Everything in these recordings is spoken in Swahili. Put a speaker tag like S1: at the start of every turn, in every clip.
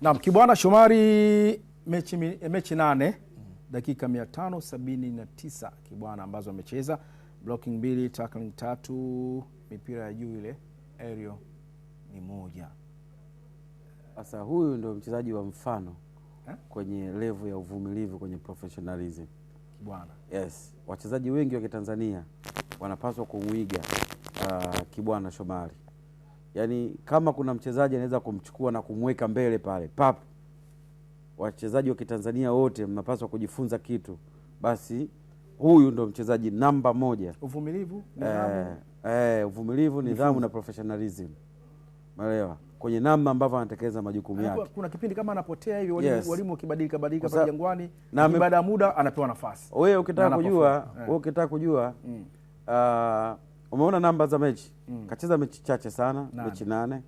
S1: Naam, Kibwana Shomari mechi, eh, mechi nane dakika 579 Kibwana ambazo amecheza blocking mbili, tackling tatu, mipira ya juu ile aerial ni moja.
S2: Sasa huyu ndio mchezaji wa mfano ha? Eh? kwenye levu ya uvumilivu kwenye professionalism Kibwana. Yes, wachezaji wengi wa Kitanzania wanapaswa kumwiga uh, Kibwana Shomari yani kama kuna mchezaji anaweza kumchukua na kumweka mbele pale pap wachezaji wa Kitanzania wote mnapaswa kujifunza kitu, basi huyu ndo mchezaji namba moja:
S1: uvumilivu, eh,
S2: nidhamu, eh, eh, uvumilivu, nidhamu na professionalism, umeelewa kwenye namna ambavyo anatekeleza majukumu yake.
S1: Kuna kipindi kama anapotea hivi walimu, yes. Walimu wakibadilika badilika pale Jangwani, na baada ya muda anapewa nafasi.
S2: Wewe ukitaka kujua, eh. wewe ukitaka kujua mm. uh, Umeona namba za mechi mm. Kacheza mechi chache sana nane. Mechi nane mm.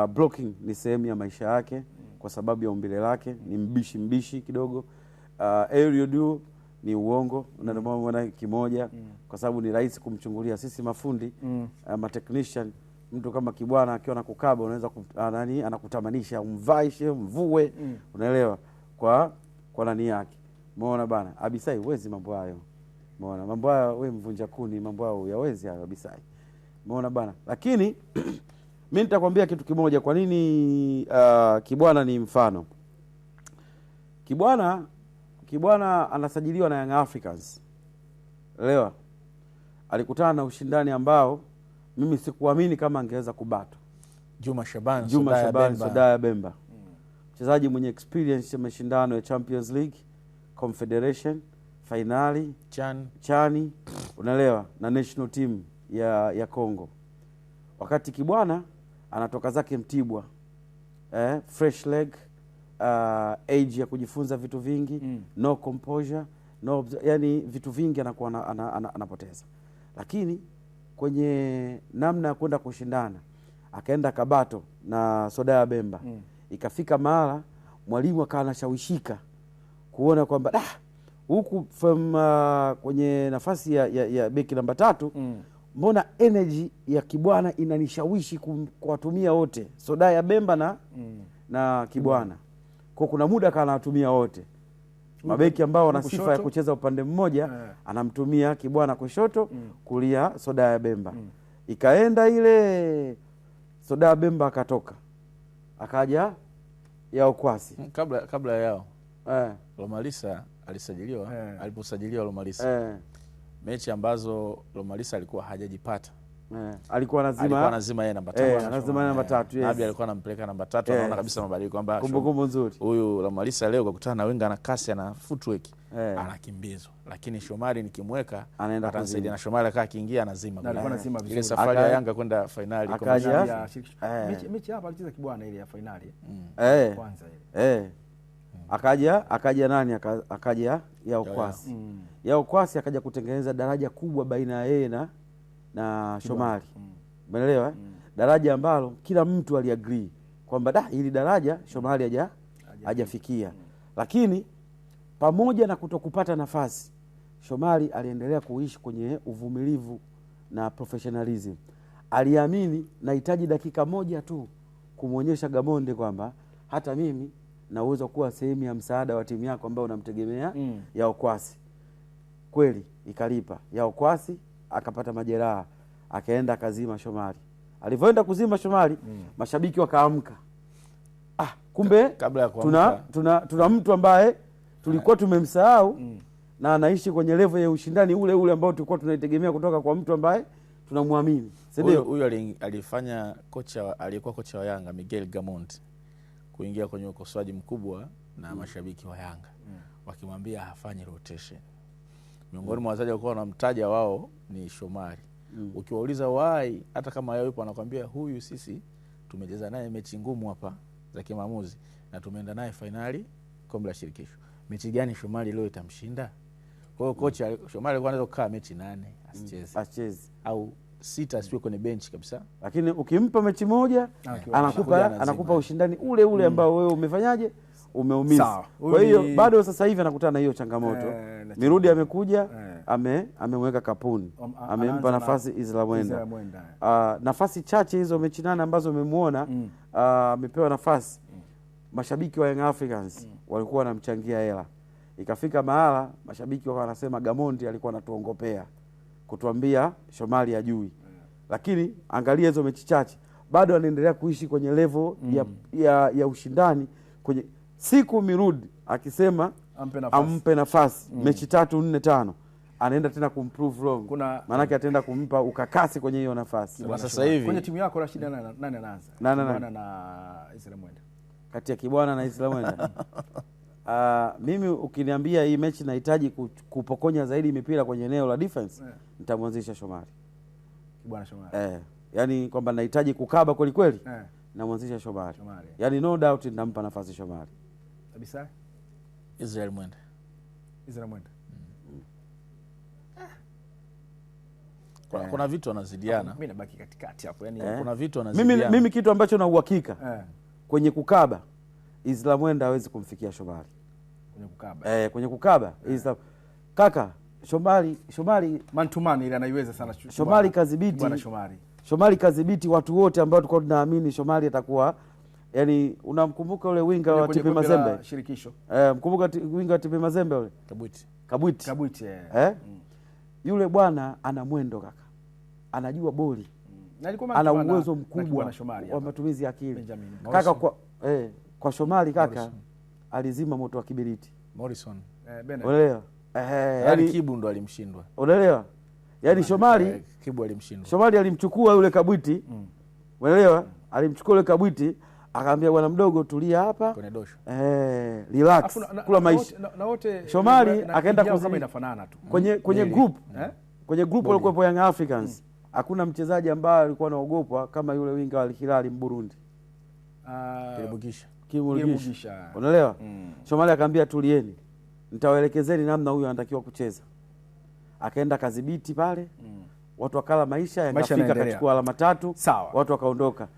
S2: Uh, blocking ni sehemu ya maisha yake mm. Kwa sababu ya umbile lake mm. Ni mbishi mbishi kidogo uh, aerial duel ni uongo unaona mm. kimoja mm. Kwa sababu ni rahisi kumchungulia sisi mafundi mm. Uh, matechnician mtu kama Kibwana akiwa kukaba unaweza uh, nani, anakutamanisha umvaishe mvue mm. Unaelewa kwa kwa nani yake, umeona bana Abisai, huwezi mambo hayo Umeona mambo haya wewe mvunja kuni, mambo hayo huyawezi hayo kabisa. Umeona bwana, lakini mimi nitakwambia kitu kimoja. Kwa nini uh, Kibwana ni mfano? Kibwana Kibwana anasajiliwa na Young Africans. lewa, alikutana na ushindani ambao mimi sikuamini kama angeweza kubata
S1: Juma Shabani, Juma Shabani, Shaban, Bemba, Sodaya Bemba hmm.
S2: mchezaji mwenye experience ya mashindano ya Champions League, Confederation fainali chani, chani unaelewa, na national team ya ya Congo, wakati Kibwana anatoka zake Mtibwa eh, fresh leg uh, age ya kujifunza vitu vingi mm. no composure no, yani vitu vingi anakuwa anapoteza ana, ana, ana, lakini kwenye namna ya kwenda kushindana akaenda Kabato na soda ya Bemba mm. Ikafika mahala mwalimu akawa anashawishika kuona kwamba ah, huku from uh, kwenye nafasi ya, ya, ya beki namba tatu mm. Mbona energy ya Kibwana inanishawishi kuwatumia wote soda ya Bemba na, mm. na Kibwana mm. Kwa kuna muda kaa anawatumia wote mabeki ambao wana sifa ya kucheza upande mmoja yeah. Anamtumia Kibwana kushoto mm. kulia soda ya Bemba mm. Ikaenda ile soda ya Bemba akatoka akaja yao kwasi
S1: kabla, kabla yao eh. Lomalisa alisajiliwa yeah. Aliposajiliwa Lomalisa yeah. Mechi ambazo Lomalisa alikuwa hajajipata
S2: yeah. Alikuwa alikuwa
S1: anazima yeye namba 3
S2: eh, 3 namba eh. yes. Nabi
S1: alikuwa anampeleka namba 3 tatu, anaona kabisa mabadiliko kwamba
S2: kumbukumbu nzuri
S1: huyu Lomalisa leo kakutana na winga na kasi na footwork yeah. Anakimbizwa, lakini Shomari nikimweka anaenda kuzidi na Shomari akaa akiingia anazima ile safari ya Yanga kwenda finali
S2: kwa eh.
S1: mechi hapa alicheza kibwana ile ya finali
S2: mm. eh. kwanza ile eh akaja akaja nani akaja, akaja Yaukwasi mm. Yaukwasi akaja kutengeneza daraja kubwa baina ya yeye na na Shomari mm. umeelewa mm. mm. daraja ambalo kila mtu aliagree kwamba da hili daraja Shomari haja hajafikia mm. lakini pamoja na kutokupata nafasi Shomari aliendelea kuishi kwenye uvumilivu na professionalism. Aliamini nahitaji dakika moja tu kumwonyesha Gamonde kwamba hata mimi na uwezo kuwa sehemu ya msaada wa timu yako ambayo unamtegemea mm. ya Okwasi kweli ikalipa ya Okwasi akapata majeraha akaenda akazima Shomari. Alivyoenda kuzima Shomari mm. mashabiki wakaamka, ah, kumbe kabla tuna, tuna, tuna mtu ambaye tulikuwa ah. tumemsahau mm. na anaishi kwenye level ya ushindani ule ule ambao tulikuwa tunaitegemea kutoka kwa mtu ambaye tunamwamini.
S1: Huyo alifanya kocha aliyekuwa kocha wa Yanga Miguel Gamonte kuingia kwenye ukosoaji mkubwa na mm. mashabiki wa Yanga mm. wakimwambia hafanyi rotation miongoni mm. mwa wachezaji walikuwa wanamtaja wao ni Shomari mm. ukiwauliza wai, hata kama yeye yupo anakwambia huyu sisi tumecheza naye mechi ngumu hapa za kimaamuzi na tumeenda naye fainali kombe la shirikisho. Mechi gani Shomari leo itamshinda? Kwa hiyo mm. kocha Shomari alikuwa anaweza kukaa mechi nane
S2: asicheze mm.
S1: au sita asiwe kwenye benchi kabisa,
S2: lakini ukimpa mechi moja ah, anakupa anakupa ushindani ule ule mm. ambao wewe umefanyaje umeumiza. Kwa hiyo bado sasa hivi anakutana na hiyo changamoto e, Mirudi amekuja e, ame amemweka kapuni amempa nafasi Isla Mwenda uh, nafasi chache hizo mechi nane ambazo umemwona mm. Ah, amepewa mm. uh, nafasi mm. mashabiki wa Young Africans mm. walikuwa wanamchangia hela, ikafika mahala mashabiki wakawa wanasema Gamondi alikuwa anatuongopea kutuambia Shomari ajui yeah. Lakini angalia hizo mechi chache bado anaendelea kuishi kwenye level mm. ya, ya, ya ushindani kwenye siku mirudi akisema ampe nafasi, ampe nafasi. Mm. mechi tatu nne tano anaenda tena kumprove wrong kuna maanake ataenda kumpa ukakasi kwenye hiyo nafasi.
S1: Kwa sasa hivi kwenye timu yako Rashid, nani anaanza? Kibwana na Islam Mwenda,
S2: kati ya Kibwana na Islam Mwenda Uh, mimi ukiniambia hii mechi nahitaji kupokonya zaidi mipira kwenye eneo la defense yeah, nitamwanzisha Shomari bwana Shomari eh, yani kwamba nahitaji kukaba kweli kweli yeah, namwanzisha Shomari, Shomari. Yani no doubt nitampa nafasi Shomari
S1: kabisa. Israel Mwende, Israel Mwende mm. eh. kuna, yeah, kuna vitu wanazidiana,
S2: mimi nabaki katikati hapo Yaani yeah, kuna vitu wanazidiana mimi, mimi kitu ambacho na uhakika yeah, kwenye kukaba Israel Mwenda hawezi kumfikia Shomari kwenye kukaba, eh, kwenye kukaba yeah. Kaka Shomari, Shomari
S1: mantumani ile anaiweza sana Shomari kadhibiti, bwana Shomari,
S2: Shomari kadhibiti watu wote ambao tulikuwa tunaamini Shomari atakuwa yani unamkumbuka ule winga wa TP Mazembe shirikisho eh, mkumbuka winga wa TP Mazembe ule Kabuti Kabuti
S1: Kabuti yeah. eh? Mm.
S2: Yule bwana ana mwendo kaka, anajua boli mm. ana uwezo mkubwa wa matumizi ya akili kaka kwa, eh, kwa Shomari kaka alizima moto wa kibiriti Morrison. Eh, eh, eh
S1: yani, yaani Kibu ndo alimshindwa,
S2: unaelewa yani Shomari eh,
S1: Kibu alimshindwa.
S2: Shomari alimchukua yule kabwiti mm. unaelewa mm. alimchukua yule kabwiti akaambia bwana mdogo, tulia hapa kwenye dosho eh, relax na,
S1: kula maisha na, wote
S2: Shomari akaenda kama
S1: inafanana tu
S2: kwenye mm. kwenye group eh? kwenye group walikuwa Young Africans mm. hakuna mchezaji ambaye alikuwa anaogopwa kama yule winga wa Al Hilal Mburundi
S1: ah, uh,
S2: Kimurugisha. unaelewa mm. Shomari akaambia tulieni, nitawaelekezeni namna huyu anatakiwa kucheza. Akaenda kadhibiti pale mm. watu wakala maisha, yakafika akachukua alama tatu, watu wakaondoka.